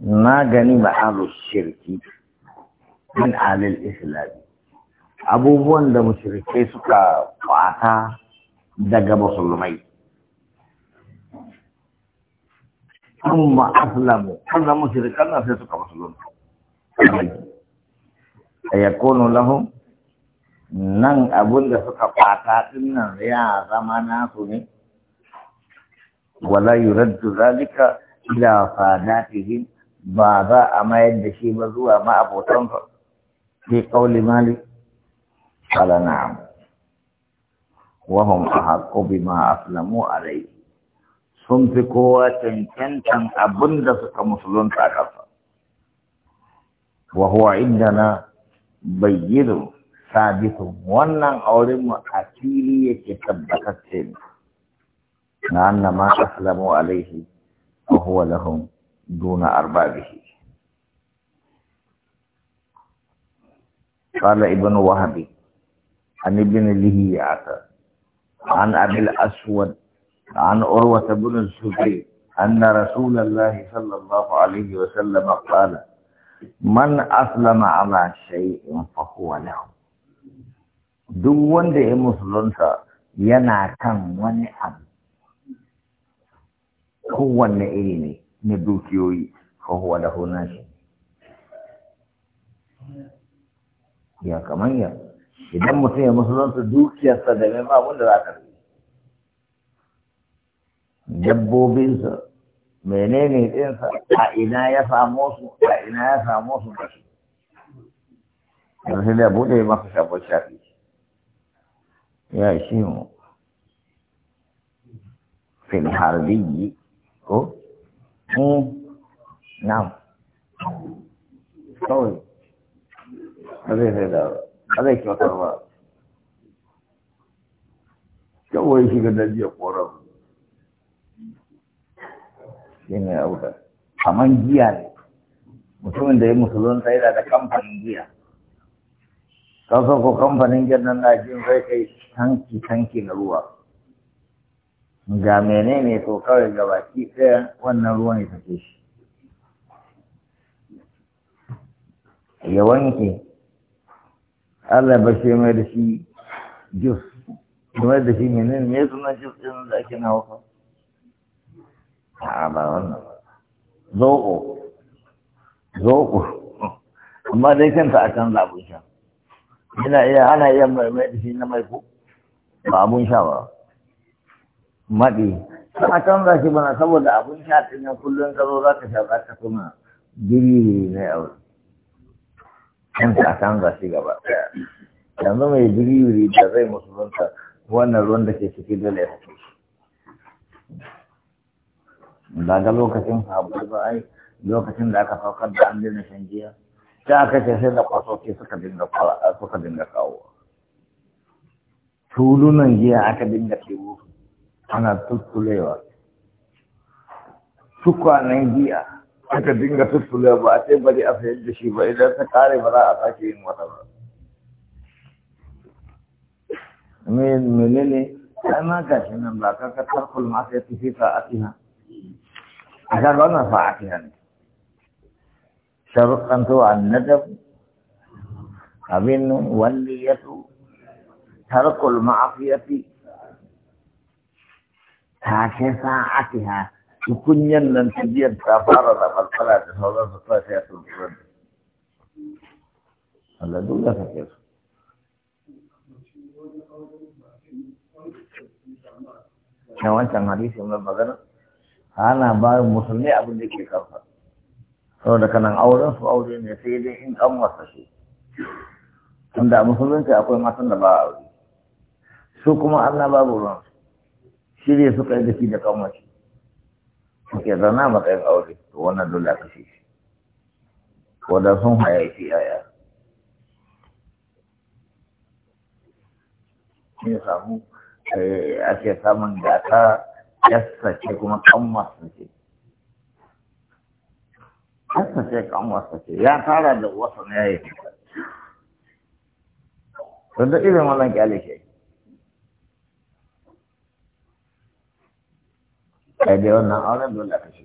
magani ma'alu shirki min alil islami abubuwan da mushrikai suka kwata daga musulmai amma aslamu kada mushrikan na sai suka musulunta ayakunu lahum nan abun da suka kwata din nan ya zama nasu ne wala yuraddu zalika ila fadatihim ba za a mayar da shi ba zuwa ma'abotansa fi ƙauli mali kala na'am wahum a haƙo bi ma aslamu alai sun fi kowa cancantan abin da suka musulunta ƙasa wa huwa indana bayyinu sabitu wannan aurenmu a fili yake tabbatacce na annama aslamu alaihi wa huwa lahum دون أربابه قال ابن وهب عن ابن لهيعة عن أبي الأسود عن أروة بن الزبير أن رسول الله صلى الله عليه وسلم قال من أسلم على شيء فهو له دون wanda إيه مسلم musulunta yana kan wani na dukiyoyi fahuwa da hona shi ya kamanya idan mutum ya musulunta dukiyarsa da mai abin da za ka rufe dabbobinsa menene ɗinsa a ina ya samu su a ina ya samu su da su yanzu da buɗe masa shabar shafi ya shi mu fil harbiyi ko Eh, na'am kawai ba zai sai da ba zai kyautar ba kawai shiga daji ya korar shi ne abu da kamar giya ne mutumin da ya musulun tsaye da kamfanin giya kaso ko kamfanin giya nan na jin sai kai tanki tanki na ruwa ga menene to kawai ga baki ɗaya wannan ruwan ya sake shi ya wanke Allah ba shi mai da shi jus mai da shi menene ne suna jus ɗin da ake na hauka a ba wannan zo'o zo'o amma dai kanta a kan zaɓin sha yana iya ana iya mai mai da shi na mai ko ba abun sha ba maɗi a canza shi bana saboda abin sha ɗin nan kullum ka zo za ka shaƙa ta kuma biri na a wuri kan ta canza shi gaba yanzu mai biri da zai zanta wannan ruwan da ke ciki dole ya fito ba ga lokacin sahabbai ba ai lokacin da aka saukar da an daina shan jiya ta aka ce sai da kwasoki suka dinga suka dinga kawo tulunan jiya aka dinga tebo su ana tuttulewa tukwanen giya aka dinga tuttulewa ba a ce bari a sayar da shi ba idan ta kare ba za a sake yin wata ba menene ai ma ga shi nan ba ka ka tarkul ma sai tafi fa'atiha a ga wannan fa'atiha ne sharuɗan to annadab abin walliyatu tarkul ma'afiyati tashin sa'atiha tukunyan nan ta biyan ta fara da falfala da sauran su ta ya su zuwa da Allah duk da kake su na wancan hadisi mai magana ana ba musulmi abin da ke kafa saboda kanan auren su aure ne sai dai in an wasa shi tunda musulunci akwai matan da ba aure su kuma Allah babu ruwansu shirya suka yi da shi da kamashi suke zana matsayin aure to wannan dole aka shi shi wadda sun hayaifi yaya shi ya samu eh, ake samun gata yasta ce kuma kan ce yasta ce kanwasa ce ya tara da wasa na yayi da irin wannan kyale ke kai dai wannan auren dole ka shi